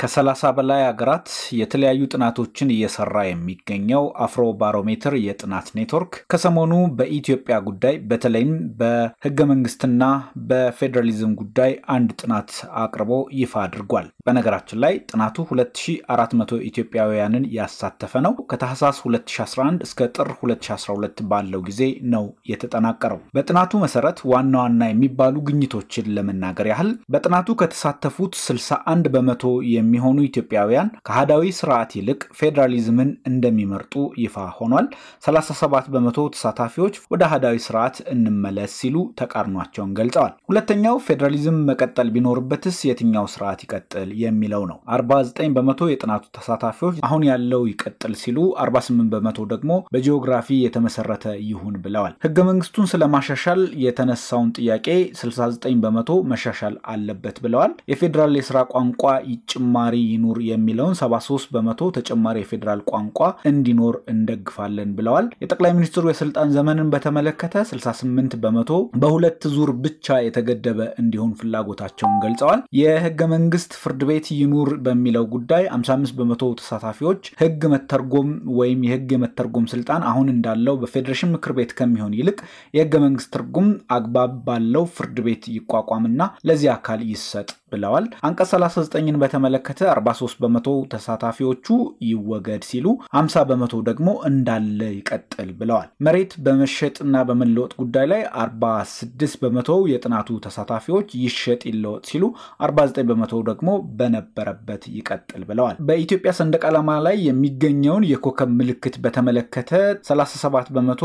ከሰላሳ በላይ ሀገራት የተለያዩ ጥናቶችን እየሰራ የሚገኘው አፍሮ ባሮሜትር የጥናት ኔትወርክ ከሰሞኑ በኢትዮጵያ ጉዳይ በተለይም በህገ መንግስትና በፌዴራሊዝም ጉዳይ አንድ ጥናት አቅርቦ ይፋ አድርጓል። በነገራችን ላይ ጥናቱ 2400 ኢትዮጵያውያንን ያሳተፈ ነው። ከታህሳስ 2011 እስከ ጥር 2012 ባለው ጊዜ ነው የተጠናቀረው። በጥናቱ መሰረት ዋና ዋና የሚባሉ ግኝቶችን ለመናገር ያህል በጥናቱ ከተሳተፉት 61 በመቶ የሚሆኑ ኢትዮጵያውያን ከአህዳዊ ስርዓት ይልቅ ፌዴራሊዝምን እንደሚመርጡ ይፋ ሆኗል። 37 በመቶ ተሳታፊዎች ወደ አህዳዊ ስርዓት እንመለስ ሲሉ ተቃርኗቸውን ገልጸዋል። ሁለተኛው ፌዴራሊዝም መቀጠል ቢኖርበትስ የትኛው ስርዓት ይቀጥል የሚለው ነው። 49 በመቶ የጥናቱ ተሳታፊዎች አሁን ያለው ይቀጥል ሲሉ፣ 48 በመቶ ደግሞ በጂኦግራፊ የተመሰረተ ይሁን ብለዋል። ህገ መንግስቱን ስለማሻሻል የተነሳውን ጥያቄ 69 በመቶ መሻሻል አለበት ብለዋል። የፌዴራል የስራ ቋንቋ ይጭማ ተጨማሪ ይኑር የሚለውን 73 በመቶ ተጨማሪ የፌዴራል ቋንቋ እንዲኖር እንደግፋለን ብለዋል። የጠቅላይ ሚኒስትሩ የስልጣን ዘመንን በተመለከተ 68 በመቶ በሁለት ዙር ብቻ የተገደበ እንዲሆን ፍላጎታቸውን ገልጸዋል። የህገ መንግስት ፍርድ ቤት ይኑር በሚለው ጉዳይ 55 በመቶ ተሳታፊዎች ህግ መተርጎም ወይም የህግ የመተርጎም ስልጣን አሁን እንዳለው በፌዴሬሽን ምክር ቤት ከሚሆን ይልቅ የህገ መንግስት ትርጉም አግባብ ባለው ፍርድ ቤት ይቋቋምና ለዚህ አካል ይሰጥ ብለዋል። አንቀጽ 39ን በተመለከተ 43 በመቶ ተሳታፊዎቹ ይወገድ ሲሉ 50 በመቶ ደግሞ እንዳለ ይቀጥል ብለዋል። መሬት በመሸጥና በመለወጥ ጉዳይ ላይ 46 በመቶ የጥናቱ ተሳታፊዎች ይሸጥ ይለወጥ ሲሉ 49 በመቶ ደግሞ በነበረበት ይቀጥል ብለዋል። በኢትዮጵያ ሰንደቅ ዓላማ ላይ የሚገኘውን የኮከብ ምልክት በተመለከተ 37 በመቶ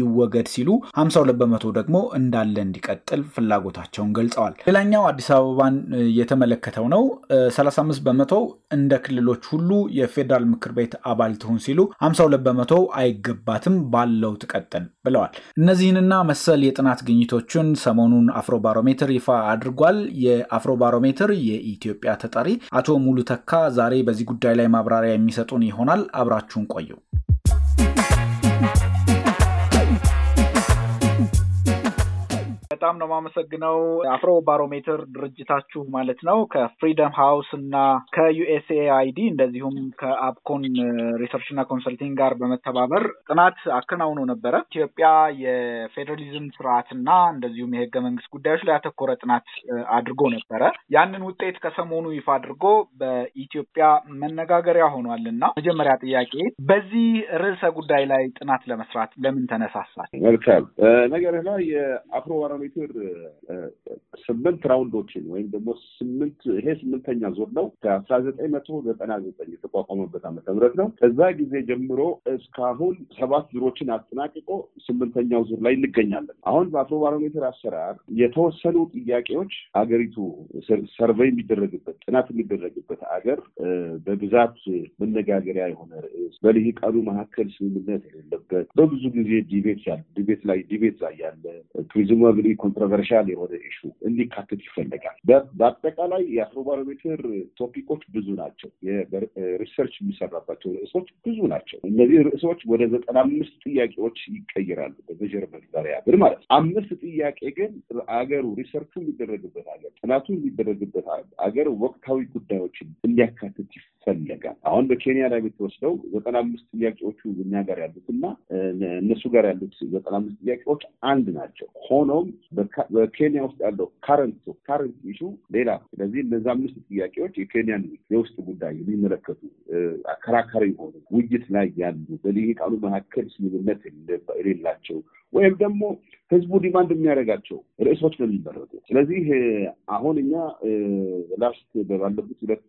ይወገድ ሲሉ 52 በመቶ ደግሞ እንዳለ እንዲቀጥል ፍላጎታቸውን ገልጸዋል። ሌላኛው አዲስ አበባን የተመለከተው ነው። 35 በመቶ እንደ ክልሎች ሁሉ የፌዴራል ምክር ቤት አባል ትሁን ሲሉ 52 በመቶ አይገባትም ባለው ትቀጥል ብለዋል። እነዚህንና መሰል የጥናት ግኝቶችን ሰሞኑን አፍሮ ባሮሜትር ይፋ አድርጓል። የአፍሮ ባሮሜትር የኢትዮጵያ ተጠሪ አቶ ሙሉ ተካ ዛሬ በዚህ ጉዳይ ላይ ማብራሪያ የሚሰጡን ይሆናል። አብራችሁን ቆየው። በጣም ነው የማመሰግነው። አፍሮ ባሮሜትር ድርጅታችሁ ማለት ነው ከፍሪደም ሀውስ እና ከዩኤስኤ አይዲ እንደዚሁም ከአብኮን ሪሰርች እና ኮንሰልቲንግ ጋር በመተባበር ጥናት አከናውኖ ነበረ። ኢትዮጵያ የፌዴራሊዝም ስርዓትና እንደዚሁም የህገ መንግስት ጉዳዮች ላይ ያተኮረ ጥናት አድርጎ ነበረ። ያንን ውጤት ከሰሞኑ ይፋ አድርጎ በኢትዮጵያ መነጋገሪያ ሆኗል እና መጀመሪያ ጥያቄ በዚህ ርዕሰ ጉዳይ ላይ ጥናት ለመስራት ለምን ተነሳሳል? መልካም ነገር ላይ የአፍሮ ባሮሜ ሴኩር ስምንት ራውንዶችን ወይም ደግሞ ስምንት ይሄ ስምንተኛ ዙር ነው። ከአስራ ዘጠኝ መቶ ዘጠና ዘጠኝ የተቋቋመበት ዓመተ ምህረት ነው። ከዛ ጊዜ ጀምሮ እስካሁን ሰባት ዙሮችን አጠናቅቆ ስምንተኛው ዙር ላይ እንገኛለን። አሁን ባሮሜትር አሰራር የተወሰኑ ጥያቄዎች አገሪቱ ሰርቬይ የሚደረግበት ጥናት የሚደረግበት አገር በብዛት መነጋገሪያ የሆነ ርዕስ በልሂቃኑ መካከል ስምምነት የሌለበት በብዙ ጊዜ ዲቤት ዲቤት ላይ ዲቤት ላይ ያለ ቱሪዝም ኮንትሮቨርሻል የሆነ ኢሹ እንዲካተት ይፈለጋል። በአጠቃላይ የአፍሮባሮሜትር ቶፒኮች ብዙ ናቸው። ሪሰርች የሚሰራባቸው ርዕሶች ብዙ ናቸው። እነዚህ ርዕሶች ወደ ዘጠና አምስት ጥያቄዎች ይቀይራሉ በመጀርመን ዙሪያ ብር ማለት ነው። አምስት ጥያቄ ግን አገሩ ሪሰርቹ የሚደረግበት ሀገር ጥናቱ የሚደረግበት ሀገር ወቅታዊ ጉዳዮችን እንዲያካትት ፈለገ። አሁን በኬንያ ላይ ብትወስደው ዘጠና አምስት ጥያቄዎቹ እኛ ጋር ያሉትና እነሱ ጋር ያሉት ዘጠና አምስት ጥያቄዎች አንድ ናቸው። ሆኖም በኬንያ ውስጥ ያለው ካረንት ካረንት ኢሹ ሌላ። ስለዚህ እነዚህ አምስት ጥያቄዎች የኬንያን የውስጥ ጉዳይ የሚመለከቱ አከራካሪ የሆኑ ውይይት ላይ ያሉ በልሂቃኑ መካከል ስምምነት የሌላቸው ወይም ደግሞ ህዝቡ ዲማንድ የሚያደርጋቸው ርዕሶች ነው የሚመረጡ። ስለዚህ አሁን እኛ ላስት ባለፉት ሁለት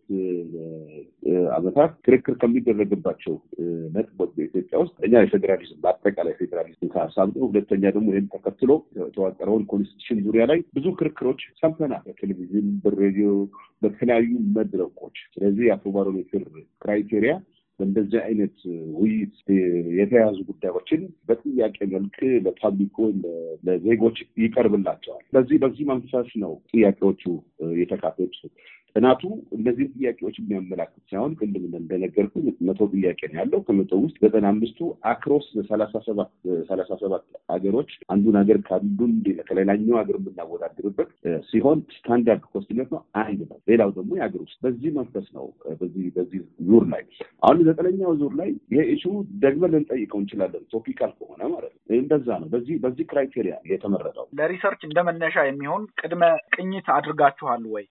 ዓመታት ክርክር ከሚደረግባቸው ነጥቦች በኢትዮጵያ ውስጥ እኛ የፌዴራሊዝም በአጠቃላይ ፌዴራሊዝም ሀሳብ ነው። ሁለተኛ ደግሞ ይህም ተከትሎ የተዋቀረውን ኮንስቲቱሽን ዙሪያ ላይ ብዙ ክርክሮች ሰምተናል፣ በቴሌቪዥን፣ በሬዲዮ፣ በተለያዩ መድረኮች ስለዚህ የአፍሮ ባሮሜትር ክራይቴሪያ በእንደዚህ አይነት ውይይት የተያዙ ጉዳዮችን በጥያቄ መልክ ለፓብሊክ ወይም ለዜጎች ይቀርብላቸዋል። በዚህ በዚህ መንፈስ ነው ጥያቄዎቹ የተካፈቱ ጥናቱ እነዚህን ጥያቄዎች የሚያመላክት ሳይሆን ቅድም እንደነገርኩ መቶ ጥያቄ ነው ያለው። ከመቶ ውስጥ ዘጠና አምስቱ አክሮስ ሰላሳ ሰባት ሀገሮች አንዱን ሀገር ከአንዱን ከሌላኛው ሀገር የምናወዳድርበት ሲሆን ስታንዳርድ ኮስትነት ነው አንድ ነው። ሌላው ደግሞ የሀገር ውስጥ በዚህ መንፈስ ነው በዚህ በዚህ ዙር ላይ አሁን ዘጠነኛው ዙር ላይ ይሄ ኢሹ ደግመን ልንጠይቀው እንችላለን። ቶፒካል ከሆነ ማለት ነው። እንደዛ ነው። በዚህ በዚህ ክራይቴሪያ የተመረጠው ለሪሰርች እንደመነሻ የሚሆን ቅድመ ቅኝት አድርጋችኋል ወይ?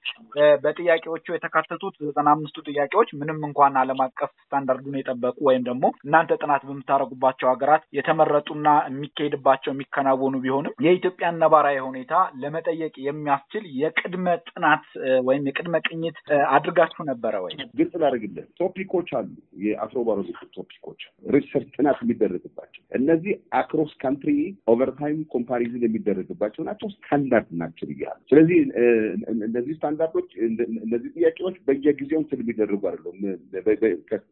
ጥያቄዎቹ የተካተቱት ዘጠና አምስቱ ጥያቄዎች ምንም እንኳን ዓለም አቀፍ ስታንዳርዱን የጠበቁ ወይም ደግሞ እናንተ ጥናት በምታደረጉባቸው ሀገራት የተመረጡና የሚካሄድባቸው የሚከናወኑ ቢሆንም የኢትዮጵያን ነባራዊ ሁኔታ ለመጠየቅ የሚያስችል የቅድመ ጥናት ወይም የቅድመ ቅኝት አድርጋችሁ ነበረ ወይ? ግልጽ ላደርግልህ፣ ቶፒኮች አሉ። የአፍሮ ባሮሜትር ቶፒኮች ሪሰርች ጥናት የሚደረግባቸው እነዚህ አክሮስ ካንትሪ ኦቨርታይም ኮምፓሪዝን የሚደረግባቸው ናቸው። ስታንዳርድ ናቸው ብያለሁ። ስለዚህ እነዚህ ስታንዳርዶች እነዚህ ጥያቄዎች በየጊዜውን ስል የሚደረጉ አይደለም።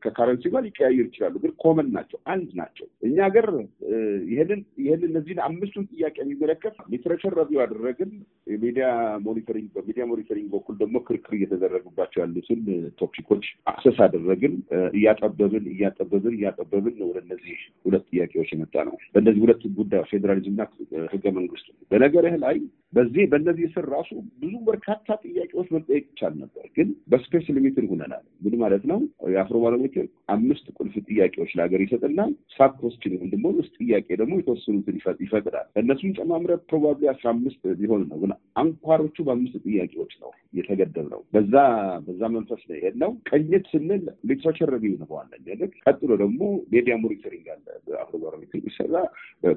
ከካረንሲ ጋር ሊቀያየር ይችላሉ፣ ግን ኮመን ናቸው፣ አንድ ናቸው። እኛ ሀገር ይህንን ይህንን እነዚህን አምስቱን ጥያቄ የሚመለከት ሊትሬቸር ረቪው አደረግን። የሚዲያ ሞኒተሪንግ በሚዲያ ሞኒተሪንግ በኩል ደግሞ ክርክር እየተደረጉባቸው ያሉትን ቶፒኮች አክሰስ አደረግን። እያጠበብን እያጠበብን እያጠበብን ወደ እነዚህ ሁለት ጥያቄዎች የመጣ ነው። በእነዚህ ሁለት ጉዳዮች ፌዴራሊዝምና ህገ መንግስቱ በነገርህ ላይ በዚህ በእነዚህ ስር ራሱ ብዙ በርካታ ጥያቄዎች መጠየቅ ይቻሉ ነበር። ግን በስፔስ ሊሚትድ ሁነናል። ምን ማለት ነው? የአፍሮ ባለሙያዎችን አምስት ቁልፍ ጥያቄዎች ለሀገር ይሰጥና ሳብ ኮስችን ወይም ደግሞ ውስጥ ጥያቄ ደግሞ የተወሰኑትን ይፈቅዳል። እነሱን ጨማምረ ፕሮባብሊ አስራ አምስት ሊሆን ነው። ግን አንኳሮቹ በአምስት ጥያቄዎች ነው የተገደብ ነው። በዛ በዛ መንፈስ ነው የሄድነው። ቅኝት ስንል ሊትራቸር ሪቪው ነው በዋነኛ ቀጥሎ ደግሞ ሜዲያ ሞኒተሪንግ አለ። በአፍሮ ባሮሜትር ይሰራ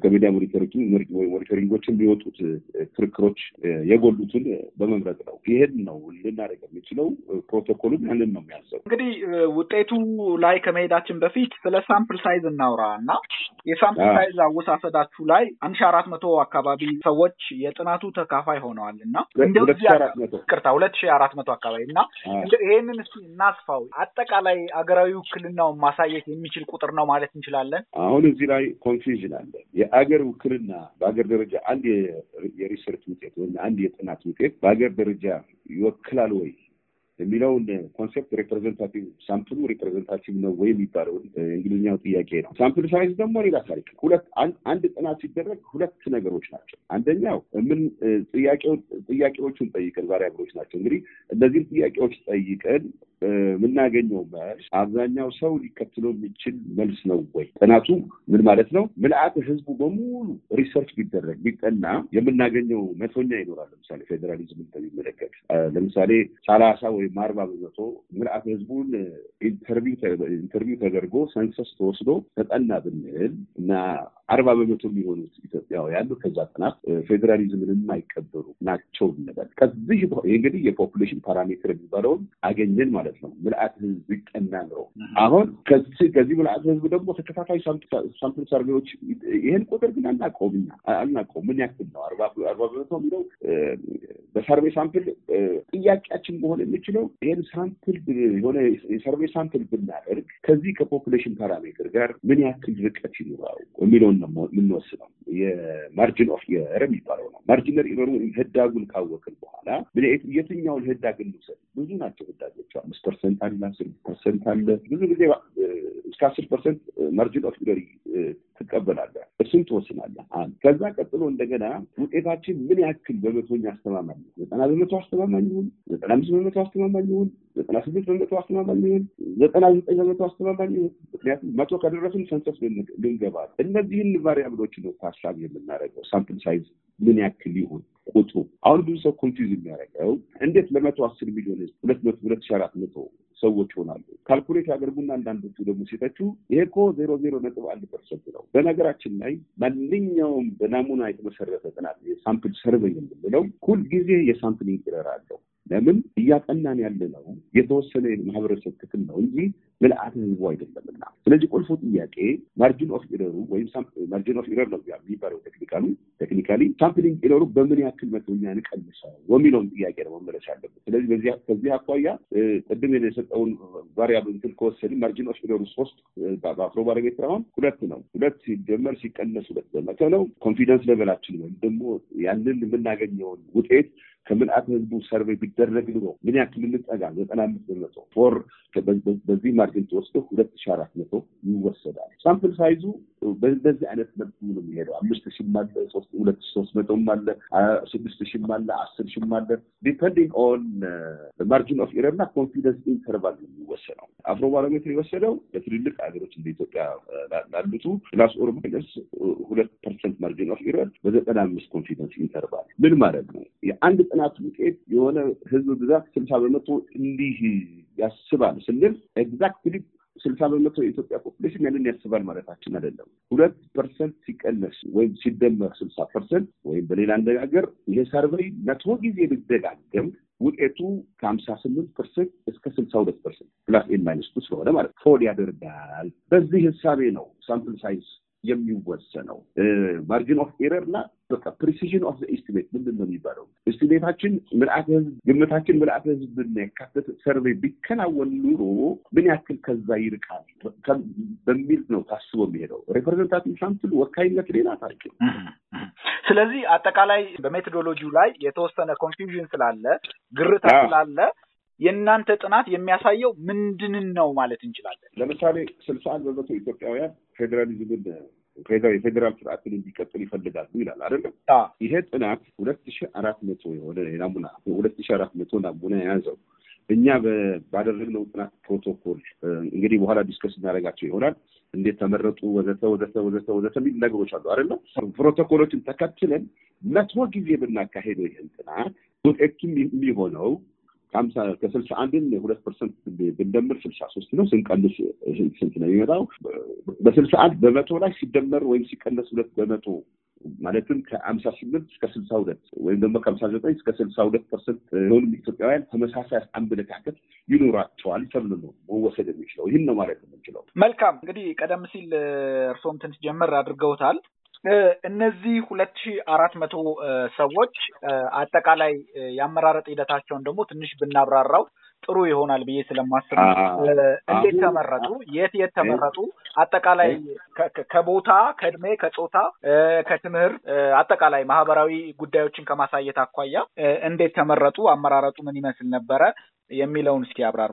ከሜዲያ ሞኒተሪንጎችን የሚወጡት ክርክሮች የጎሉትን በመምረጥ ነው። ይሄን ነው ልናደርገው የሚችለው ፕሮቶኮሉም ያንን ነው የሚያዘው። እንግዲህ ውጤቱ ላይ ከመሄዳችን በፊት ስለ ሳምፕል ሳይዝ እናውራ እና የሳምፕል ሳይዝ አወሳሰዳችሁ ላይ አንድ ሺ አራት መቶ አካባቢ ሰዎች የጥናቱ ተካፋይ ሆነዋል እና ቅርታ ሁለት ሺ አራት መቶ አካባቢ እና ይህንን እስ እናስፋው አጠቃላይ አገራዊ ውክልናውን ማሳየት የሚችል ቁጥር ነው ማለት እንችላለን። አሁን እዚህ ላይ ኮንፊውዥን አለ። የአገር ውክልና በአገር ደረጃ አንድ የሪሰርች ውጤት ወይም አንድ የጥናት ውጤት በአገር ደረጃ ይወክላል ወይ የሚለውን ኮንሴፕት ሪፕሬዘንታቲቭ ሳምፕሉ ሪፕሬዘንታቲቭ ነው ወይ የሚባለውን እንግሊዝኛው ጥያቄ ነው። ሳምፕል ሳይዝ ደግሞ ሌላ ታሪክ ነው። ሁለት አንድ ጥናት ሲደረግ ሁለት ነገሮች ናቸው። አንደኛው ምን ጥያቄዎቹን ጠይቀን ቫሪያብሎች ናቸው። እንግዲህ እነዚህም ጥያቄዎች ጠይቀን የምናገኘው መልስ አብዛኛው ሰው ሊከትሎ የሚችል መልስ ነው ወይ? ጥናቱ ምን ማለት ነው? ምልአት ህዝቡ በሙሉ ሪሰርች ቢደረግ ቢጠና የምናገኘው መቶኛ ይኖራል። ለምሳሌ ፌዴራሊዝም በሚመለከት ለምሳሌ ሰላሳ ወይም አርባ በመቶ ምልአት ህዝቡን ኢንተርቪው ተደርጎ ሰንሰስ ተወስዶ ተጠና ብንል እና አርባ በመቶ የሚሆኑት ኢትዮጵያውያን ከዛ ጥናት ፌዴራሊዝምን የማይቀበሉ ናቸው እንበል። ከዚህ እንግዲህ የፖፑሌሽን ፓራሜትር የሚባለውን አገኘን ማለት ነው። ምልአት ህዝብ ይቀና ነው። አሁን ከዚህ ምልአት ህዝብ ደግሞ ተከታታይ ሳምፕል ሰርቬዎች ይህን ቁጥር ግን አናውቀውም እኛ አናውቀውም። ምን ያክል ነው አርባ በመቶ የሚለው በሰርቬ ሳምፕል ጥያቄያችን መሆን የምችለው ይህን ሳምፕል የሆነ የሰርቬ ሳምፕል ብናደርግ ከዚህ ከፖፑሌሽን ፓራሜትር ጋር ምን ያክል ርቀት ይኖራው የሚለውን ነው የምንወስነው። የማርጂን ኦፍ የር የሚባለው ነው። ማርጂነር ኢረሩ ህዳጉን ካወቅን በኋላ የትኛውን ህዳግ እንውሰድ? ብዙ ናቸው ህዳጆች አምስት ፐርሰንት አለ፣ አስር ፐርሰንት አለ። ብዙ ጊዜ እስከ አስር ፐርሰንት ማርጂን ኦፍ ኢረር ትቀበላለህ፣ እሱን ትወስናለህ። አንድ ከዛ ቀጥሎ እንደገና ውጤታችን ምን ያክል በመቶኛ አስተማማኝ ይሁን፣ ዘጠና በመቶ አስተማማኝ ይሁን፣ ዘጠና አምስት በመቶ አስተማማኝ ይሁን፣ ዘጠና ስድስት በመቶ አስተማማኝ ይሁን፣ ዘጠና ዘጠኝ በመቶ አስተማማኝ ይሁን። ምክንያቱም መቶ ከደረስን ሰንሰስ ልንገባል። እነዚህን ቫሪያብሎችን ታሳቢ የምናደርገው ሳምፕል ሳይዝ ምን ያክል ይሁን ቁጥሩ አሁን ብዙ ሰው ኮንፊዝ የሚያደርገው እንዴት ለመቶ አስር ሚሊዮን ህዝብ ሁለት መቶ ሁለት ሺ አራት መቶ ሰዎች ይሆናሉ ካልኩሌት ያደርጉና አንዳንዶቹ ደግሞ ሲተቹ ይሄ እኮ ዜሮ ዜሮ ነጥብ አንድ ፐርሰንት ነው። በነገራችን ላይ ማንኛውም በናሙና የተመሰረተ ጥናት የሳምፕል ሰርቬይ የምንለው ሁልጊዜ የሳምፕሊንግ ኤረር አለው። ለምን እያጠናን ያለ ነው የተወሰነ ማህበረሰብ ክፍል ነው እንጂ ምልአት ህዝቡ አይደለምና። ስለዚህ ቁልፉ ጥያቄ ማርጂን ኦፍ ኢረሩ ወይም ማርጂን ኦፍ ኢረር ነው የሚባለው ቴክኒካሉ ቴክኒካሊ ሳምፕሊንግ ኢረሩ በምን ያክል መቶኛ እንቀንሰው የሚለውን ጥያቄ ነው መመለስ ያለበት። ስለዚህ ከዚህ አኳያ ቅድም የሰጠውን ቫሪያብል እንትን ከወሰድን ማርጂን ኦፍ ኢረሩ ሶስት በአፍሮ ባለቤት ሳይሆን ሁለት ነው። ሁለት ሲደመር ሲቀነስ ሁለት በመቶ ነው። ኮንፊደንስ ሌቨላችን ወይም ደግሞ ያንን የምናገኘውን ውጤት ከምልአት ህዝቡ ሰርቬይ ቢደረግ ኑሮ ምን ያክል ልንጠጋ ዘጠና አምስት በመቶ ፎር በዚህ ማርጅን ተወስዶ ሁለት ሺ አራት መቶ ይወሰዳል። ሳምፕል ሳይዙ በዚህ አይነት መልኩ ነው የሚሄደው። አምስት ሺም አለ፣ ሁለት ሶስት መቶም አለ፣ ስድስት ሺም አለ፣ አስር ሺም አለ። ዲፐንዲንግ ኦን ማርጂን ኦፍ ኢረር እና ኮንፊደንስ ኢንተርቫል ነው የሚወሰነው። አፍሮ ባሮሜትር የወሰደው ለትልልቅ ሀገሮች እንደ ኢትዮጵያ uh, ላሉቱ ፕላስ ኦር ማይነስ ሁለት ፐርሰንት ማርጂን ኦፍ ኢረር በዘጠና አምስት ኮንፊደንስ ኢንተርቫል ምን ማለት ነው? የአንድ የጥናት ውጤት የሆነ ህዝብ ብዛት ስልሳ በመቶ እንዲህ ያስባል ስንል ኤግዛክትሊ ስልሳ በመቶ የኢትዮጵያ ፖፕሌሽን ያንን ያስባል ማለታችን አይደለም። ሁለት ፐርሰንት ሲቀነስ ወይም ሲደመር ስልሳ ፐርሰንት ወይም በሌላ አነጋገር ይሄ ሰርቬይ መቶ ጊዜ ልደጋገም ውጤቱ ከሀምሳ ስምንት ፐርሰንት እስከ ስልሳ ሁለት ፐርሰንት ፕላስ ኤን ማይነስ ቱ ስለሆነ ማለት ፎል ያደርጋል። በዚህ ህሳቤ ነው ሳምፕል ሳይንስ የሚወሰነው ማርጂን ኦፍ ኤረር እና በቃ ፕሪሲዥን ኦፍ ኤስቲሜት ምንድን ነው የሚባለው? ኤስቲሜታችን ምልአተ ህዝብ ግምታችን ምልአተ ህዝብ ያካተተ ሰርቬይ ቢከናወን ኑሮ ምን ያክል ከዛ ይርቃል በሚል ነው ታስቦ የሚሄደው። ሪፕሬዘንታቲቭ ሳምፕል ወካይነት ሌላ ታሪክ። ስለዚህ አጠቃላይ በሜቶዶሎጂው ላይ የተወሰነ ኮንፊውዥን ስላለ ግርታ ስላለ የእናንተ ጥናት የሚያሳየው ምንድንን ነው ማለት እንችላለን? ለምሳሌ ስልሳ አንድ በመቶ ኢትዮጵያውያን ፌዴራሊዝምን የፌዴራል ስርዓትን እንዲቀጥል ይፈልጋሉ ይላል አይደለም። ይሄ ጥናት ሁለት ሺ አራት መቶ የሆነ ናሙና ሁለት ሺ አራት መቶ ናሙና የያዘው እኛ ባደረግነው ጥናት ፕሮቶኮል እንግዲህ በኋላ ዲስከስ እናደርጋቸው ይሆናል። እንዴት ተመረጡ ወዘተ ወዘተ ወዘተ ወዘተ የሚል ነገሮች አሉ አይደለም። ፕሮቶኮሎችን ተከትለን መቶ ጊዜ ብናካሄደው ይህን ጥናት ውጤት የሚሆነው ከስልሳ አንድን ሁለት ፐርሰንት ብንደምር ስልሳ ሶስት ነው። ስንቀንስ ስንት ነው የሚመጣው? በስልሳ አንድ በመቶ ላይ ሲደመር ወይም ሲቀነስ ሁለት በመቶ ማለትም ከአምሳ ስምንት እስከ ስልሳ ሁለት ወይም ደግሞ ከአምሳ ዘጠኝ እስከ ስልሳ ሁለት ፐርሰንት የሆኑ ኢትዮጵያውያን ተመሳሳይ አመለካከት ይኖራቸዋል ተብሎ ነው መወሰድ የሚችለው። ይህን ነው ማለት የምንችለው። መልካም እንግዲህ ቀደም ሲል እርስዎም ትንሽ ጀመር አድርገውታል። እነዚህ ሁለት ሺ አራት መቶ ሰዎች አጠቃላይ የአመራረጥ ሂደታቸውን ደግሞ ትንሽ ብናብራራው ጥሩ ይሆናል ብዬ ስለማስብ እንዴት ተመረጡ? የት የት ተመረጡ? አጠቃላይ ከቦታ ከእድሜ፣ ከጾታ፣ ከትምህርት አጠቃላይ ማህበራዊ ጉዳዮችን ከማሳየት አኳያ እንዴት ተመረጡ? አመራረጡ ምን ይመስል ነበረ? የሚለውን እስኪ አብራሩ።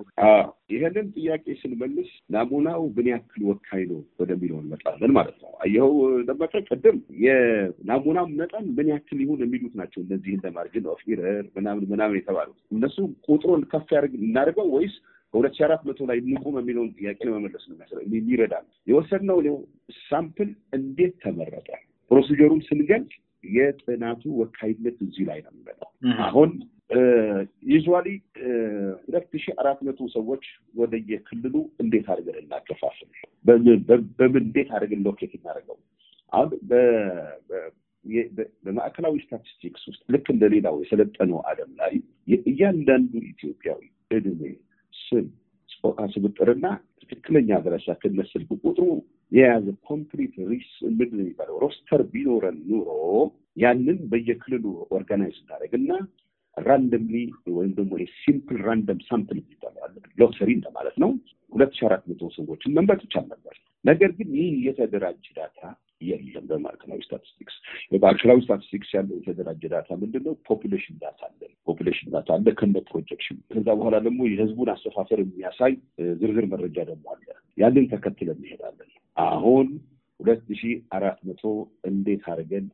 ይህንን ጥያቄ ስንመልስ ናሙናው ምን ያክል ወካይ ነው ወደሚለው እንመጣለን ማለት ነው። ይኸው ደመቀ፣ ቅድም የናሙናው መጠን ምን ያክል ይሁን የሚሉት ናቸው እነዚህ እንደ ማርጅን ኦፍ ኢረር ምናምን ምናምን የተባሉት እነሱ ቁጥሩን ከፍ ያደርግ እናደርገው ወይስ በሁለት ሺ አራት መቶ ላይ ንቁም የሚለውን ጥያቄ ለመመለስ ነው ይረዳል። የወሰድነው ሳምፕል እንዴት ተመረጠ ፕሮሲጀሩን ስንገልጽ የጥናቱ ወካይነት እዚህ ላይ ነው የሚመጣው አሁን ዩዝዋሊ ሁለት ሺ አራት መቶ ሰዎች ወደ የክልሉ እንዴት አድርገን እናከፋፍል? በምን እንዴት አድርገን ሎኬት እናደርገው? አሁን በማዕከላዊ ስታቲስቲክስ ውስጥ ልክ እንደሌላው የሰለጠነው ዓለም ላይ እያንዳንዱ ኢትዮጵያዊ እድሜ፣ ስም፣ ጾታ ስብጥርና ትክክለኛ አድራሻ ከነ ስልክ ቁጥሩ የያዘ ኮምፕሊት ሪስ ምንድን የሚባለው ሮስተር ቢኖረን ኑሮ ያንን በየክልሉ ኦርጋናይዝ እናደርግና ራንደምሊ ወይም ደግሞ ሲምፕል ራንደም ሳምፕል ይባላል ሎተሪ እንደማለት ነው። ሁለት ሺ አራት መቶ ሰዎችን መምረጥ ይቻል ነበር። ነገር ግን ይህ የተደራጀ ዳታ የለም። በማዕከላዊ ስታቲስቲክስ በማዕከላዊ ስታቲስቲክስ ያለው የተደራጀ ዳታ ምንድን ነው? ፖፑሌሽን ዳታ አለ። ፖፑሌሽን ዳታ አለ ከነ ፕሮጀክሽን። ከዛ በኋላ ደግሞ የህዝቡን አሰፋፈር የሚያሳይ ዝርዝር መረጃ ደግሞ አለ። ያንን ተከትለን እንሄዳለን። አሁን ሁለት ሺ አራት መቶ እንዴት አድርገን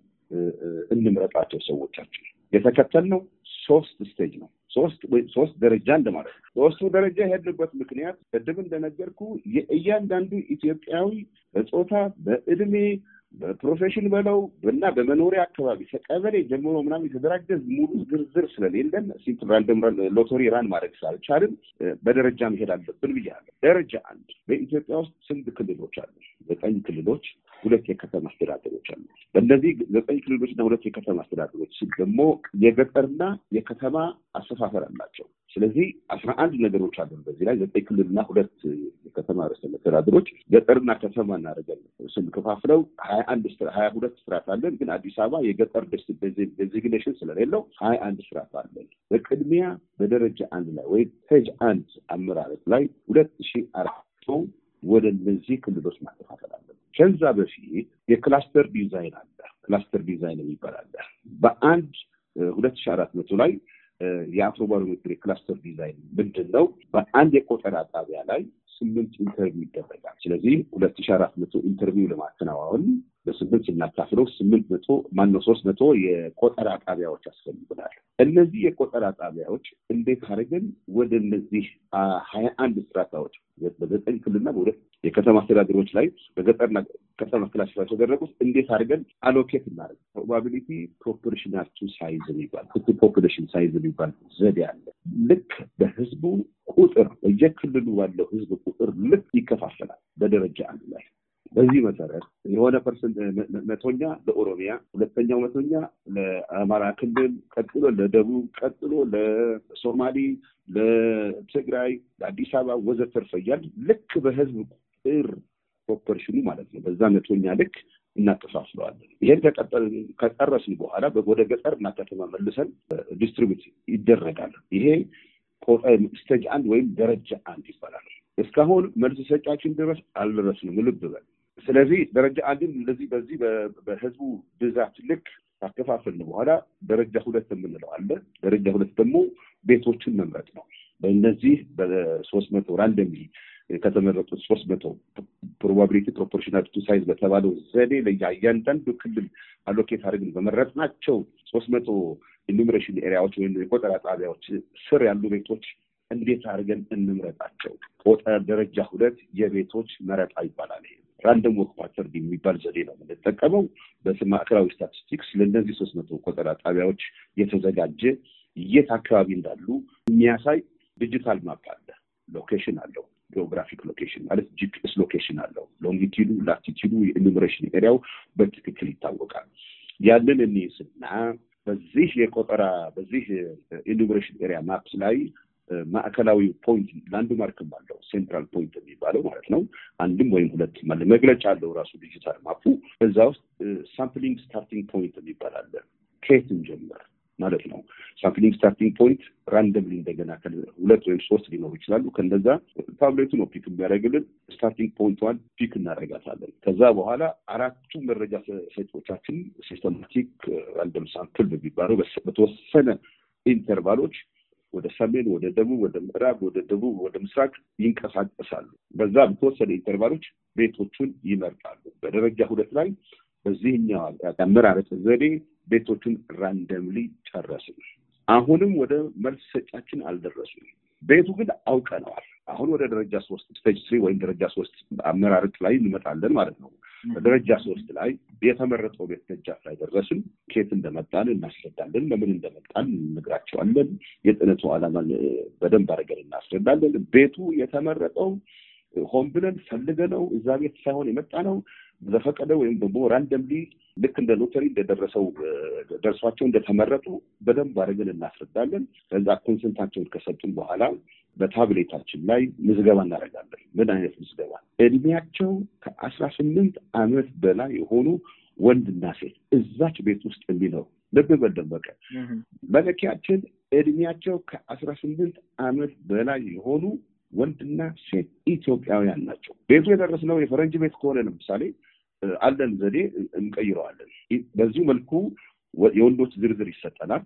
እንምረጣቸው ሰዎቻችን የተከተልነው ሶስት ስቴጅ ነው። ሶስት ወይ ሶስት ደረጃ እንደማለት ነው። ሶስቱ ደረጃ የሄድንበት ምክንያት ቅድም እንደነገርኩ የእያንዳንዱ ኢትዮጵያዊ በጾታ በእድሜ በፕሮፌሽን በለው እና በመኖሪያ አካባቢ ከቀበሌ ጀምሮ ምናምን የተደራጀ ሙሉ ዝርዝር ስለሌለን ሲምፕል ራንደም ሎተሪ ራን ማድረግ ስላልቻልን በደረጃ መሄድ አለብን ብያለሁ። ደረጃ አንድ በኢትዮጵያ ውስጥ ስንት ክልሎች አሉ? ዘጠኝ ክልሎች ሁለት የከተማ አስተዳደሮች አሉ። በእነዚህ ዘጠኝ ክልሎችና ሁለት የከተማ አስተዳደሮች ደግሞ የገጠርና የከተማ አሰፋፈር አላቸው። ስለዚህ አስራ አንድ ነገሮች አለን በዚህ ላይ ዘጠኝ ክልልና ሁለት የከተማ ርዕሰ መስተዳድሮች ገጠርና ከተማ እናደርጋለን ስንከፋፍለው ሀያ አንድ ሀያ ሁለት ስርዓት አለን። ግን አዲስ አበባ የገጠር ዴዚግኔሽን ስለሌለው ሀያ አንድ ስርዓት አለን። በቅድሚያ በደረጃ አንድ ላይ ወይም ፔጅ አንድ አመራረት ላይ ሁለት ሺ አራት ወደ እነዚህ ክልሎች ማስተካከል አለብን። ከዛ በፊት የክላስተር ዲዛይን አለ። ክላስተር ዲዛይን የሚባል አለ። በአንድ ሁለት ሺ አራት መቶ ላይ የአፍሮባሮሜትሪ የክላስተር ዲዛይን ምንድን ነው? በአንድ የቆጠራ ጣቢያ ላይ ስምንት ኢንተርቪው ይደረጋል። ስለዚህ ሁለት ሺ አራት መቶ ኢንተርቪው ለማከናወን በስምንት ስናካፍለው ስምንት መቶ ማነው ሶስት መቶ የቆጠራ ጣቢያዎች ያስፈልጉናል። እነዚህ የቆጠራ ጣቢያዎች እንዴት አድርገን ወደ እነዚህ ሀያ አንድ ስትራታዎች በዘጠኝ ክልልና በሁለት አስተዳደሮች ላይ በገጠርና ከተማ መከላቸው ላይ የተደረጉት እንዴት አድርገን አሎኬት እናደርግ ፕሮባቢሊቲ ቱ ሳይዝ የሚባል ፖፕሌሽን ሳይዝ የሚባል ዘዴ አለ። ልክ በህዝቡ ቁጥር በየክልሉ ባለው ህዝብ ቁጥር ልክ ይከፋፈላል በደረጃ አንዱ ላይ በዚህ መሰረት የሆነ ፐርሰንት መቶኛ ለኦሮሚያ፣ ሁለተኛው መቶኛ ለአማራ ክልል፣ ቀጥሎ ለደቡብ፣ ቀጥሎ ለሶማሌ፣ ለትግራይ፣ ለአዲስ አበባ ወዘተርፈ እያልን ልክ በህዝብ ር ፕሮፖርሽኑ ማለት ነው። በዛ መቶኛ ልክ እናከፋፍለዋለን። ይሄን ከጨረስን በኋላ ወደ ገጠር እና ከተማ መልሰን ዲስትሪቢዩት ይደረጋል። ይሄ ስቴጅ አንድ ወይም ደረጃ አንድ ይባላል። እስካሁን መልስ ሰጫችን ድረስ አልደረስንም። ልብ በል። ስለዚህ ደረጃ አንድን እንደዚህ በዚህ በህዝቡ ብዛት ልክ ካከፋፈልን በኋላ ደረጃ ሁለት የምንለው አለ። ደረጃ ሁለት ደግሞ ቤቶችን መምረጥ ነው። በእነዚህ በሶስት መቶ ራንደሚ ከተመረጡት ሶስት መቶ ፕሮባቢሊቲ ፕሮፖርሽናል ቱ ሳይዝ በተባለው ዘዴ ለእያንዳንዱ ክልል አሎኬት አድርገን በመረጥናቸው ሶስት መቶ ኢኑሜሬሽን ኤሪያዎች ወይም የቆጠራ ጣቢያዎች ስር ያሉ ቤቶች እንዴት አድርገን እንምረጣቸው? ቆጠ ደረጃ ሁለት የቤቶች መረጣ ይባላል። ይሄ ራንደም ወክ ፓተር የሚባል ዘዴ ነው የምንጠቀመው። በማዕከላዊ ስታቲስቲክስ ለእነዚህ ሶስት መቶ ቆጠራ ጣቢያዎች የተዘጋጀ የት አካባቢ እንዳሉ የሚያሳይ ዲጂታል ማፕ አለ፣ ሎኬሽን አለው ጂኦግራፊክ ሎኬሽን ማለት ጂፒኤስ ሎኬሽን አለው። ሎንጊቲዱ፣ ላቲቲዱ፣ የኢሚግሬሽን ኤሪያው በትክክል ይታወቃል። ያንን እንይስና በዚህ የቆጠራ በዚህ ኢሚግሬሽን ኤሪያ ማፕስ ላይ ማዕከላዊ ፖይንት ላንድማርክም አለው ሴንትራል ፖይንት የሚባለው ማለት ነው። አንድም ወይም ሁለት ማለት መግለጫ አለው ራሱ ዲጂታል ማፑ። እዛ ውስጥ ሳምፕሊንግ ስታርቲንግ ፖይንት የሚባል አለ። ከየትም ጀመር ማለት ነው። ሳምፕሊንግ ስታርቲንግ ፖይንት ራንደምሊ እንደገና ሁለት ወይም ሶስት ሊኖሩ ይችላሉ። ከእንደዛ ታብሌቱ ነው ፒክ የሚያደርግልን። ስታርቲንግ ፖይንቷን ፒክ እናደርጋታለን። ከዛ በኋላ አራቱ መረጃ ሰጪዎቻችን ሲስተማቲክ ራንደም ሳምፕል በሚባለው በተወሰነ ኢንተርቫሎች ወደ ሰሜን፣ ወደ ደቡብ፣ ወደ ምዕራብ፣ ወደ ደቡብ፣ ወደ ምስራቅ ይንቀሳቀሳሉ። በዛ በተወሰነ ኢንተርቫሎች ቤቶቹን ይመርጣሉ። በደረጃ ሁለት ላይ በዚህኛው አመራረጥ ዘዴ ቤቶቹን ራንደምሊ ጨረስን። አሁንም ወደ መልስ ሰጫችን አልደረሱም። ቤቱ ግን አውቀነዋል። አሁን ወደ ደረጃ ሶስት ስቴጅ ስሪ ወይም ደረጃ ሶስት አመራረጥ ላይ እንመጣለን ማለት ነው። ደረጃ ሶስት ላይ የተመረጠው ቤት ደጃፍ ላይ ደረስን። ኬት እንደመጣን እናስረዳለን። ለምን እንደመጣን እንግራቸዋለን። የጥነቱ ዓላማን በደንብ አድርገን እናስረዳለን። ቤቱ የተመረጠው ሆን ብለን ፈልገ ነው እዛ ቤት ሳይሆን የመጣ ነው ዘፈቀደ ወይም ደግሞ ራንደምሊ ልክ እንደ ሎተሪ እንደደረሰው ደርሷቸው እንደተመረጡ በደንብ አድርገን እናስረዳለን። ከዛ ኮንሰንታቸውን ከሰጡን በኋላ በታብሌታችን ላይ ምዝገባ እናደርጋለን። ምን አይነት ምዝገባ? እድሜያቸው ከአስራ ስምንት አመት በላይ የሆኑ ወንድና ሴት እዛች ቤት ውስጥ የሚኖሩ ልብ በል መለኪያችን እድሜያቸው ከአስራ ስምንት አመት በላይ የሆኑ ወንድና ሴት ኢትዮጵያውያን ናቸው። ቤቱ የደረስነው የፈረንጅ ቤት ከሆነ ለምሳሌ አለን ዘዴ እንቀይረዋለን። በዚሁ መልኩ የወንዶች ዝርዝር ይሰጠናል፣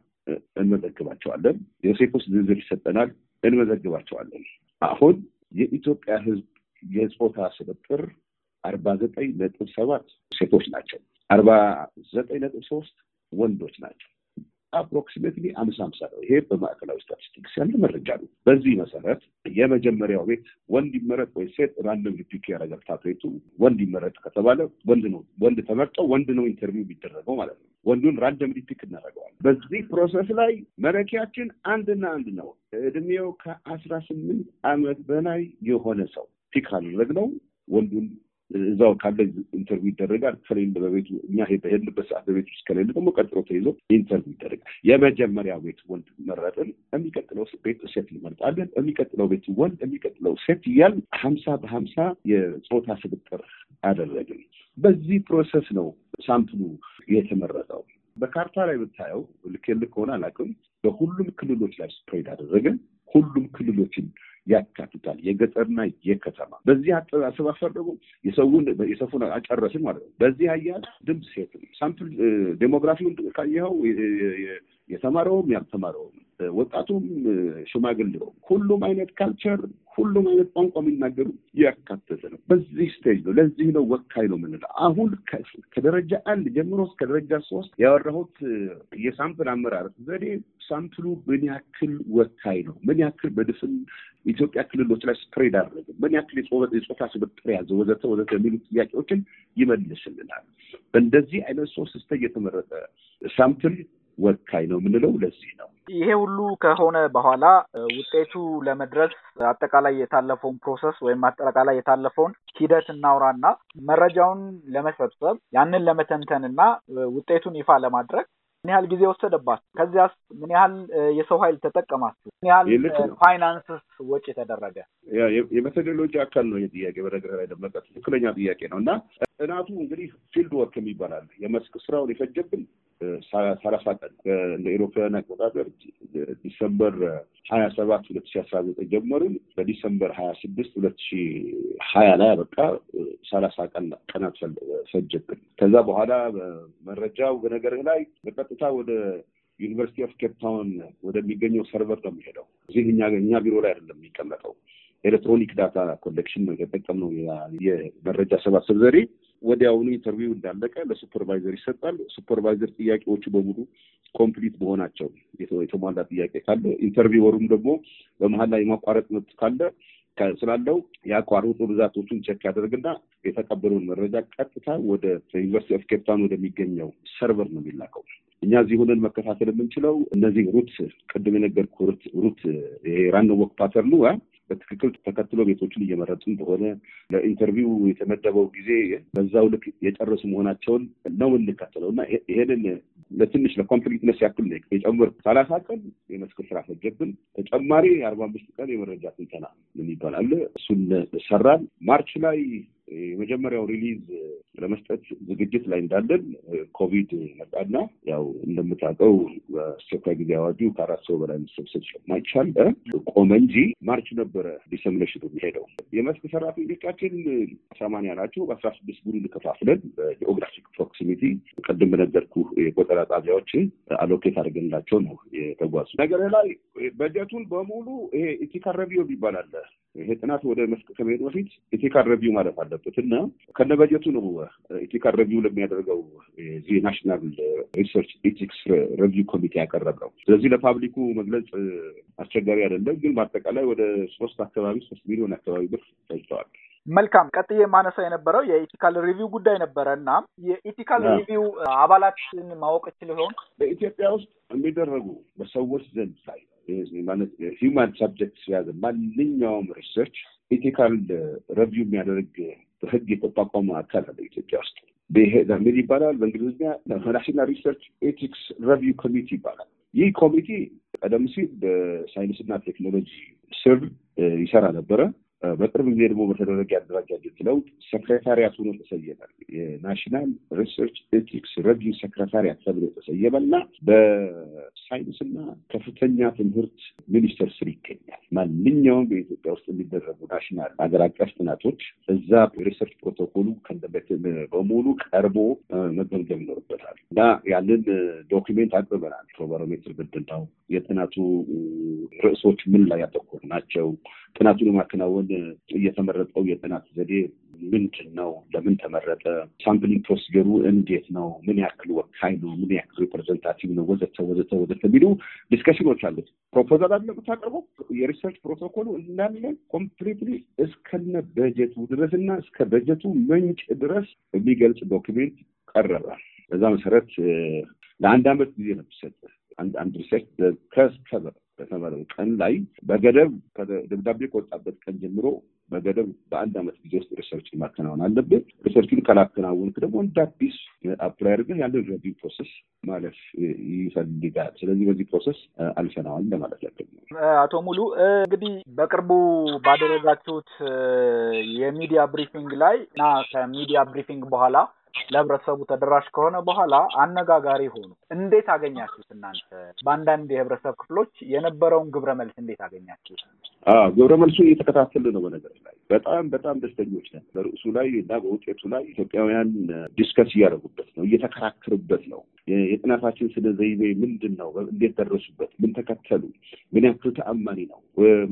እንመዘግባቸዋለን። የሴቶች ዝርዝር ይሰጠናል፣ እንመዘግባቸዋለን። አሁን የኢትዮጵያ ሕዝብ የፆታ ስብጥር አርባ ዘጠኝ ነጥብ ሰባት ሴቶች ናቸው። አርባ ዘጠኝ ነጥብ ሶስት ወንዶች ናቸው። አፕሮክሲሜትሊ አምሳ አምሳ ነው። ይሄ በማዕከላዊ ስታቲስቲክስ ያለ መረጃ ነው። በዚህ መሰረት የመጀመሪያው ቤት ወንድ ይመረጥ ወይ ሴት ራንደም ፒክ ያደረጋል። ታፕሬቱ ወንድ ይመረጥ ከተባለ ወንድ ነው ወንድ ተመርጠው ወንድ ነው ኢንተርቪው የሚደረገው ማለት ነው። ወንዱን ራንደም ፒክ እናደርገዋለን። በዚህ ፕሮሰስ ላይ መለኪያችን አንድና አንድ ነው። እድሜው ከአስራ ስምንት ዓመት በላይ የሆነ ሰው ፒክ አደረግነው ወንዱን እዛው ካለ ኢንተርቪው ይደረጋል። ከሌለ በቤቱ እኛ በሄድንበት ሰዓት በቤት ውስጥ ከሌለ ደግሞ ቀጥሮ ተይዞ ኢንተርቪው ይደረጋል። የመጀመሪያ ቤት ወንድ መረጥን፣ የሚቀጥለው ቤት ሴት እንመርጣለን፣ የሚቀጥለው ቤት ወንድ፣ የሚቀጥለው ሴት እያል ሀምሳ በሀምሳ የፆታ ስብጥር አደረግን። በዚህ ፕሮሰስ ነው ሳምፕሉ የተመረጠው። በካርታ ላይ ብታየው ልክ ከሆነ አላውቅም፣ በሁሉም ክልሎች ላይ ስፕሬድ አደረግን። ሁሉም ክልሎችን ያካትታል። የገጠርና የከተማ በዚህ አሰባሰር ደግሞ የሰውን የሰፉን አጨረስን ማለት ነው። በዚህ አያል ድምፅ ሴት ነው። ሳምፕል ዴሞግራፊውን ካየኸው የተማረውም ያልተማረውም፣ ወጣቱም ሽማግሌውም ሁሉም አይነት ካልቸር ሁሉም አይነት ቋንቋ የሚናገሩ ያካተተ ነው። በዚህ ስቴጅ ነው። ለዚህ ነው ወካይ ነው የምንለው። አሁን ከደረጃ አንድ ጀምሮ እስከ ደረጃ ሶስት ያወራሁት የሳምፕል አመራረት ዘዴ ሳምፕሉ ምን ያክል ወካይ ነው፣ ምን ያክል በድፍን ኢትዮጵያ ክልሎች ላይ ስፕሬድ አደረገ፣ ምን ያክል የጾታ ስብጥር ያዘ፣ ወዘተ ወዘተ የሚሉ ጥያቄዎችን ይመልስልናል። በእንደዚህ አይነት ሶስት ስቴጅ የተመረጠ ሳምፕል ወካይ ነው የምንለው ለዚህ ነው። ይሄ ሁሉ ከሆነ በኋላ ውጤቱ ለመድረስ አጠቃላይ የታለፈውን ፕሮሰስ ወይም አጠቃላይ የታለፈውን ሂደት እናውራና መረጃውን ለመሰብሰብ ያንን ለመተንተን እና ውጤቱን ይፋ ለማድረግ ምን ያህል ጊዜ ወሰደባችሁ? ከዚያስ ምን ያህል የሰው ኃይል ተጠቀማችሁ? ምን ያህል ፋይናንስስ ወጪ ተደረገ? የሜቶዶሎጂ አካል ነው የጥያቄ ጥያቄ። በነገር ላይ ደመቀ ትክክለኛ ጥያቄ ነው እና ጥናቱ እንግዲህ ፊልድ ወርክ የሚባል አለ። የመስክ ስራውን የፈጀብን ሰላሳ ቀን እንደ ኤሮፓውያን አቆጣጠር ዲሰምበር ሀያ ሰባት ሁለት ሺ አስራ ዘጠኝ ጀመርን። በዲሰምበር ሀያ ስድስት ሁለት ሺ ሀያ ላይ በቃ ሰላሳ ቀን ቀናት ፈጀብን። ከዛ በኋላ መረጃው በነገርህ ላይ በቀጥታ ወደ ዩኒቨርሲቲ ኦፍ ኬፕ ታውን ወደሚገኘው ሰርቨር ነው የሚሄደው። እዚህ እኛ እኛ ቢሮ ላይ አይደለም የሚቀመጠው። ኤሌክትሮኒክ ዳታ ኮሌክሽን ነው የተጠቀምነው የመረጃ ሰባሰብ ዘዴ ወዲያውኑ ኢንተርቪው እንዳለቀ ለሱፐርቫይዘር ይሰጣል። ሱፐርቫይዘር ጥያቄዎቹ በሙሉ ኮምፕሊት በሆናቸው የተሟላ ጥያቄ ካለ ኢንተርቪወሩም ደግሞ በመሀል ላይ የማቋረጥ መብት ካለ ስላለው የአቋርጦ ብዛቶቹን ቸክ ያደርግና የተቀበለውን መረጃ ቀጥታ ወደ ዩኒቨርሲቲ ኦፍ ኬፕታን ወደሚገኘው ሰርቨር ነው የሚላከው። እኛ እዚህ ሆነን መከታተል የምንችለው እነዚህ ሩት ቅድም የነገርኩ ሩት ሩት ወክ ፓተርኑ በትክክል ተከትሎ ቤቶችን እየመረጡ እንደሆነ ለኢንተርቪው የተመደበው ጊዜ በዛው ልክ የጨረሱ መሆናቸውን ነው እንከተለው እና ይሄንን ለትንሽ ለኮምፕሊትነስ ያክል የጨምር ሰላሳ ቀን የመስክር ስራ ፈጀብን። ተጨማሪ የአርባ አምስት ቀን የመረጃ ትንተና የሚባል እሱን ሰራን ማርች ላይ የመጀመሪያው ሪሊዝ ለመስጠት ዝግጅት ላይ እንዳለን ኮቪድ መጣና ያው እንደምታውቀው በአስቸኳይ ጊዜ አዋጁ ከአራት ሰው በላይ መሰብሰብ ስለማይቻል ቆመ እንጂ ማርች ነበረ ዲሰሚኔሽኑ የሚሄደው። የመስክ ሰራተኞቻችን ሰማንያ ናቸው። በአስራ ስድስት ቡድን ከፋፍለን በጂኦግራፊክ ፕሮክሲሚቲ ቅድም በነገርኩ የቆጠራ ጣቢያዎችን አሎኬት አድርገንላቸው ነው የተጓዙ። ነገር ላይ በጀቱን በሙሉ ይሄ ኢቲካል ረቪው ይባላል። ይሄ ጥናት ወደ መስክ ከመሄዱ በፊት ኢቲካል ረቪው ማለት አለ የሰጡት እና ከነ በጀቱ ነው uh, ኢቲካል ሬቪው ለሚያደርገው uh, የዚህ ናሽናል ሪሰርች ኢቲክስ ሬቪው ኮሚቴ ያቀረበው። ስለዚህ ለፓብሊኩ መግለጽ uh, አስቸጋሪ አይደለም፣ ግን በአጠቃላይ ወደ ሶስት አካባቢ ሶስት ሚሊዮን አካባቢ ብር ፈጅተዋል። መልካም ቀጥዬ ማነሳው የነበረው የኢቲካል ሪቪው ጉዳይ ነበረ እና የኢቲካል ሪቪው አባላትን ማወቅ ችል በኢትዮጵያ ውስጥ የሚደረጉ በሰዎች ዘንድ ሳይ ማለት ሂውማን ሰብጀክት የያዘ ማንኛውም ሪሰርች ኢቲካል ሪቪው የሚያደርግ በህግ የተቋቋመ አካል አለ ኢትዮጵያ ውስጥ ምን ይባላል? በእንግሊዝኛ ናሽናል ሪሰርች ኤቲክስ ረቪው ኮሚቲ ይባላል። ይህ ኮሚቲ ቀደም ሲል በሳይንስና ቴክኖሎጂ ስር ይሰራ ነበረ። በቅርብ ጊዜ ደግሞ በተደረገ የአደረጃጀት ለውጥ ሰክሬታሪያት ሆኖ ተሰየማል። የናሽናል ሪሰርች ኤቲክስ ረቪው ሰክሬታሪያት ተብሎ ተሰየመና በሳይንስና ከፍተኛ ትምህርት ሚኒስቴር ስር ይገኛል። ማንኛውም በኢትዮጵያ ውስጥ የሚደረጉ ናሽናል ሀገር አቀፍ ጥናቶች እዛ ሪሰርች ፕሮቶኮሉ በሙሉ ቀርቦ መገምገም ይኖርበታል እና ያንን ዶኪሜንት አቅርበናል። ፕሮባሮሜትር ምንድን ነው? የጥናቱ ርዕሶች ምን ላይ ያተኮሩ ናቸው? ጥናቱን ማከናወን አንድ እየተመረጠው የጥናት ዘዴ ምንድን ነው? ለምን ተመረጠ? ሳምፕሊንግ ፕሮሲጀሩ እንዴት ነው? ምን ያክል ወካይ ነው? ምን ያክል ሪፕሬዘንታቲቭ ነው? ወዘተ ወዘተ ወዘተ የሚሉ ዲስከሽኖች አሉት። ፕሮፖዛል አለ የምታቀርበው የሪሰርች ፕሮቶኮሉ እንዳለ ኮምፕሊትሊ እስከነ በጀቱ ድረስ እና እስከ በጀቱ ምንጭ ድረስ የሚገልጽ ዶክሜንት ቀረበ። በዛ መሰረት ለአንድ አመት ጊዜ ነው የሚሰጥ አንድ ሪሰርች ከስከበር በተመረው ቀን ላይ በገደብ ከደብዳቤ ከወጣበት ቀን ጀምሮ በገደብ በአንድ ዓመት ጊዜ ውስጥ ሪሰርችን ማከናወን አለብን። ሪሰርችን ካላከናወንክ ደግሞ እንደ አዲስ አፕላይ አድርገን ያንን ሪቪው ፕሮሰስ ማለፍ ይፈልጋል። ስለዚህ በዚህ ፕሮሰስ አልፈናዋል ለማለት ያገ አቶ ሙሉ እንግዲህ በቅርቡ ባደረጋችሁት የሚዲያ ብሪፊንግ ላይ እና ከሚዲያ ብሪፊንግ በኋላ ለህብረተሰቡ ተደራሽ ከሆነ በኋላ አነጋጋሪ ሆኑ። እንዴት አገኛችሁት እናንተ? በአንዳንድ የህብረተሰብ ክፍሎች የነበረውን ግብረ መልስ እንዴት አገኛችሁት? ግብረ መልሱ እየተከታተል ነው። በነገር ላይ በጣም በጣም ደስተኞች ነን። በርዕሱ ላይ እና በውጤቱ ላይ ኢትዮጵያውያን ዲስከስ እያደረጉበት ነው፣ እየተከራከሩበት ነው። የጥናታችን ስነ ዘይቤ ምንድን ነው? እንዴት ደረሱበት? ምን ተከተሉ? ምን ያክል ተአማኒ ነው?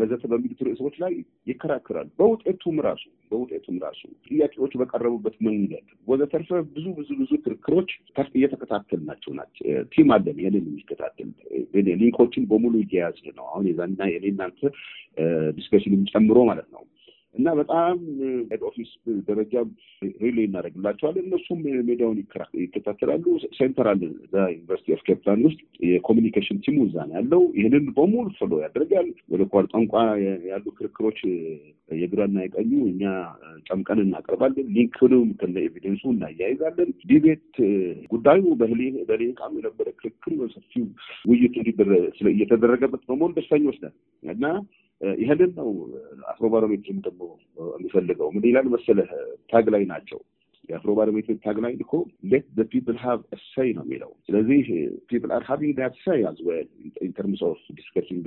ወዘተ በሚሉት ርዕሶች ላይ ይከራከራሉ። በውጤቱም ራሱ በውጤቱም ራሱ ጥያቄዎች በቀረቡበት መንገድ ወዘተርፈ ብዙ ብዙ ብዙ ክርክሮች እየተከታተል ናቸው ናቸው ቲም አለን የኔን የሚከታተል ሊንኮችን በሙሉ እየያዝን ነው። አሁን የዛና የኔ እናንተ ዲስከሽንም ጨምሮ ማለት ነው እና በጣም ሄድ ኦፊስ ደረጃ ሪሌ እናደርግላቸዋለን። እነሱም ሜዳውን ይከታተላሉ። ሴንተር አለ እዛ ዩኒቨርሲቲ ኦፍ ኬፕታን ውስጥ የኮሚኒኬሽን ቲሙ እዛ ነው ያለው። ይህንን በሙሉ ፍሎ ያደርጋል። ወደ ጠንቋ ያሉ ክርክሮች የግራና የቀኙ እኛ ጨምቀን እናቀርባለን። ሊንክንም ከነ ኤቪደንሱ እናያይዛለን። ዲቤት ጉዳዩ በሌቃም የነበረ ክርክር በሰፊው ውይይት እየተደረገበት በመሆን ደስተኞች ነን እና ይህንን ነው አፍሮባሮሜትርም ደግሞ የሚፈልገው ምን ይላል መሰለህ ታግ ላይ ናቸው የአፍሮ ባሮሜትር ታግ ላይ እኮ ሌት ዘ ፒፕል ሃቭ እሰይ ነው የሚለው ስለዚህ ፒፕል አር ሃቪንግ ዳት ሳይ አዝ ዌል ኢንተርምስ ኦፍ ዲስከሽን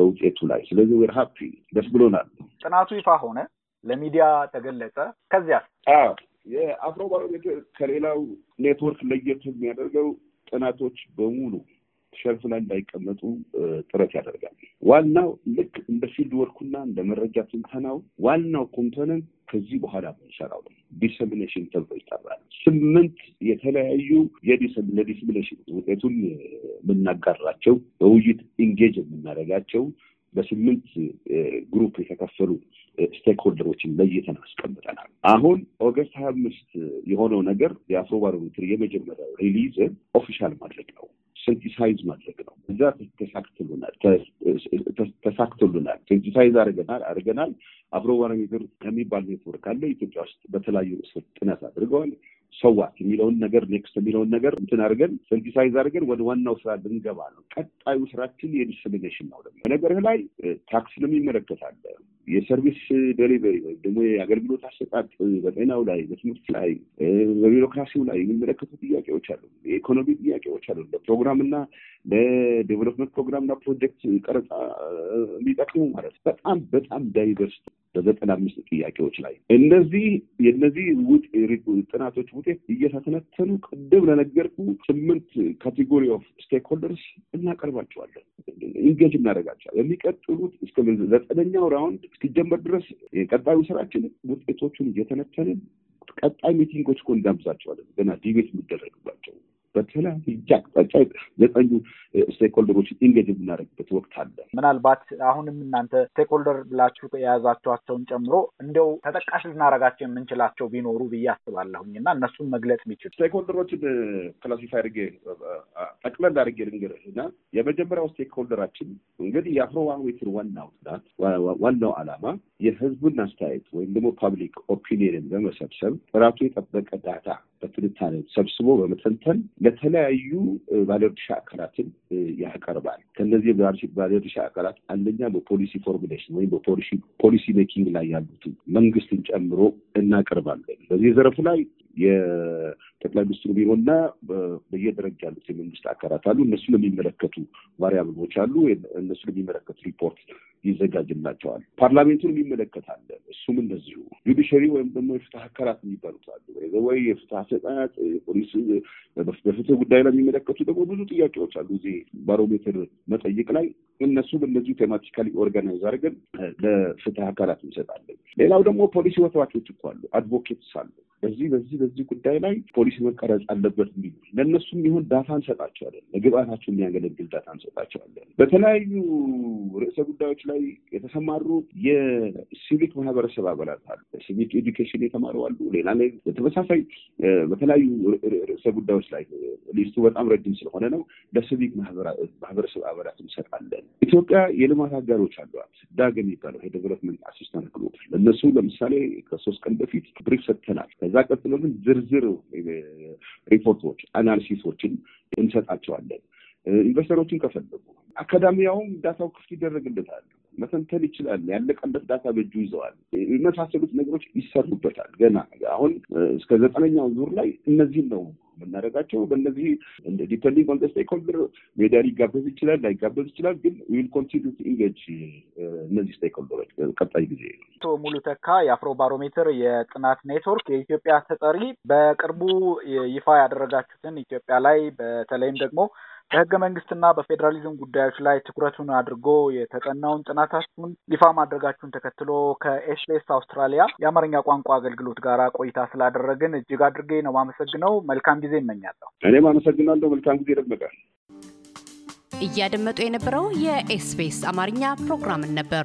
በውጤቱ ላይ ስለዚህ ዌር ሃፒ ደስ ብሎናል ጥናቱ ይፋ ሆነ ለሚዲያ ተገለጸ ከዚያ የአፍሮ ባሮሜትር ከሌላው ኔትወርክ ለየት የሚያደርገው ጥናቶች በሙሉ ሸልፍ ላይ እንዳይቀመጡ ጥረት ያደርጋል። ዋናው ልክ እንደ ፊልድ ወርኩና እንደ መረጃ ትንተናው ዋናው ኮምፖነንት ከዚህ በኋላ የምንሰራው ነው። ዲሰሚኔሽን ተብሎ ይጠራል። ስምንት የተለያዩ ለዲሰሚኔሽን ውጤቱን የምናጋራቸው በውይይት ኢንጌጅ የምናደርጋቸው በስምንት ግሩፕ የተከፈሉ ስቴክሆልደሮችን ለይተን አስቀምጠናል። አሁን ኦገስት ሀያ አምስት የሆነው ነገር የአፍሮ ባሮሜትር የመጀመሪያው ሪሊዝ ኦፊሻል ማድረግ ነው ሴንቲሳይዝ ማድረግ ነው። እዛ ተሳክቶልናል ሴንቲሳይዝ አድርገናል አድርገናል። አፍሮ ባሮሜትር ከሚባል ኔትወርክ አለ ኢትዮጵያ ውስጥ በተለያዩ ርዕሶች ጥናት አድርገዋል። ሰዋት የሚለውን ነገር ኔክስት የሚለውን ነገር እንትን አድርገን ሰንቲሳይዝ አድርገን ወደ ዋናው ስራ ልንገባ ነው። ቀጣዩ ስራችን የዲስሚኔሽን ነው። ደግሞ በነገርህ ላይ ታክስንም ይመለከታል። የሰርቪስ ዴሊቨሪ ወይም ደግሞ የአገልግሎት አሰጣጥ በጤናው ላይ፣ በትምህርት ላይ፣ በቢሮክራሲው ላይ የሚመለከቱ ጥያቄዎች አሉ። የኢኮኖሚ ጥያቄዎች አሉ። ለፕሮግራምና ለዴቨሎፕመንት ፕሮግራምና ፕሮጀክት ቀረጻ የሚጠቅሙ ማለት በጣም በጣም ዳይቨርስ በዘጠና አምስት ጥያቄዎች ላይ እነዚህ የነዚህ ጥናቶች ውጤት እየተተነተኑ ቅድም ለነገርኩ ስምንት ካቴጎሪ ኦፍ ስቴክሆልደርስ እናቀርባቸዋለን፣ ኢንጌጅ እናደርጋቸዋለን። የሚቀጥሉት እስከ ዘጠነኛው ራውንድ እስኪጀመር ድረስ የቀጣዩ ስራችን ውጤቶቹን እየተነተንን ቀጣይ ሚቲንጎች እኮ እንዳብዛቸዋለን። ገና ዲቤት የሚደረግባቸው በተለያየ አቅጣጫ ዘጠኙ ስቴክሆልደሮች ኢንጌጅ የምናደርግበት ወቅት አለ። ምናልባት አሁንም እናንተ ስቴክሆልደር ብላችሁ የያዛችኋቸውን ጨምሮ እንደው ተጠቃሽ ልናረጋቸው የምንችላቸው ቢኖሩ ብዬ አስባለሁኝ እና እነሱን መግለጽ ቢችል ስቴክሆልደሮችን ክላሲፋይ አድርጌ ጠቅለል አድርጌ ልንገርህ እና የመጀመሪያው ስቴክሆልደራችን እንግዲህ የአፍሮ ዋንዌትን ዋናው ጥናት ዋናው ዓላማ የህዝቡን አስተያየት ወይም ደግሞ ፐብሊክ ኦፒኒየንን በመሰብሰብ ጥራቱ የጠበቀ ዳታ በትንታኔ ሰብስቦ በመተንተን ለተለያዩ ባለድርሻ አካላትን ያቀርባል። ከነዚህ ባለድርሻ አካላት አንደኛ በፖሊሲ ፎርሙሌሽን ወይም በፖሊሲ ሜኪንግ ላይ ያሉትን መንግስትን ጨምሮ እናቀርባለን። በዚህ ዘርፍ ላይ የጠቅላይ ሚኒስትሩ ቢሮ እና በየደረጃ ያሉት የመንግስት አካላት አሉ። እነሱን የሚመለከቱ ቫሪያብሎች አሉ። እነሱን የሚመለከቱ ሪፖርት ይዘጋጅላቸዋል። ፓርላሜንቱን የሚመለከታል። እሱም እንደዚሁ ጁዲሽሪ ወይም ደግሞ የፍትህ አካላት የሚባሉት አሉ። ወይ የፍትህ አሰጣጥ ፖሊስ፣ በፍትህ ጉዳይ ላይ የሚመለከቱ ደግሞ ብዙ ጥያቄዎች አሉ። እዚህ ባሮሜትር መጠይቅ ላይ እነሱም እነዚሁ ቴማቲካሊ ኦርጋናይዝ አድርገን ለፍትህ አካላት እንሰጣለን። ሌላው ደግሞ ፖሊሲ ወተዋቾች እኮ አሉ፣ አድቮኬትስ አሉ። በዚህ በዚህ በዚህ ጉዳይ ላይ ፖሊሲ መቀረጽ አለበት የሚሉ ለእነሱም ይሁን ዳታ እንሰጣቸዋለን፣ ለግብአታቸው የሚያገለግል ዳታ እንሰጣቸዋለን። በተለያዩ ርዕሰ ጉዳዮች ላይ የተሰማሩ የሲቪክ ማህበረሰብ አባላት አሉ። ሲቪክ ኤዱኬሽን የተማሩ አሉ። ሌላ ላይ በተመሳሳይ በተለያዩ ርዕሰ ጉዳዮች ላይ ሊስቱ በጣም ረጅም ስለሆነ ነው ለሲቪክ ማህበረሰብ አባላት እንሰጣለን። ኢትዮጵያ የልማት አጋሮች አሏት። ዳግ የሚባለው የዴቨሎፕመንት አሲስታንት ግሩፕ ለእነሱ ለምሳሌ ከሶስት ቀን በፊት ብሪፍ ሰጥተናል። ከዛ ቀጥሎ ግን ዝርዝር ሪፖርቶች፣ አናሊሲሶችን እንሰጣቸዋለን። ኢንቨስተሮችን ከፈለጉ አካዳሚያውም ዳታው ክፍት ይደረግለታል። መተንተን ይችላል። ያለቀበት ዳታ በእጁ ይዘዋል። የመሳሰሉት ነገሮች ይሰሩበታል። ገና አሁን እስከ ዘጠነኛው ዙር ላይ እነዚህን ነው የምናደርጋቸው። በእነዚህ ዲፐንዲንግ ኦን ስቴክሆልደር ሜዲያ ሊጋበዝ ይችላል፣ ላይጋበዝ ይችላል። ግን ዊል ኮንቲኒ ኢንጌጅ እነዚህ ስቴክሆልደሮች ቀጣይ ጊዜ አቶ ሙሉ ተካ የአፍሮ ባሮሜትር የጥናት ኔትወርክ የኢትዮጵያ ተጠሪ በቅርቡ ይፋ ያደረጋችሁትን ኢትዮጵያ ላይ በተለይም ደግሞ በህገ መንግስትና በፌዴራሊዝም ጉዳዮች ላይ ትኩረቱን አድርጎ የተጠናውን ጥናታችሁን ይፋ ማድረጋችሁን ተከትሎ ከኤስቢኤስ አውስትራሊያ የአማርኛ ቋንቋ አገልግሎት ጋር ቆይታ ስላደረግን እጅግ አድርጌ ነው ማመሰግነው። መልካም ጊዜ እመኛለሁ። እኔም አመሰግናለሁ። መልካም ጊዜ ደመቀ። እያደመጡ የነበረው የኤስቢኤስ አማርኛ ፕሮግራምን ነበር።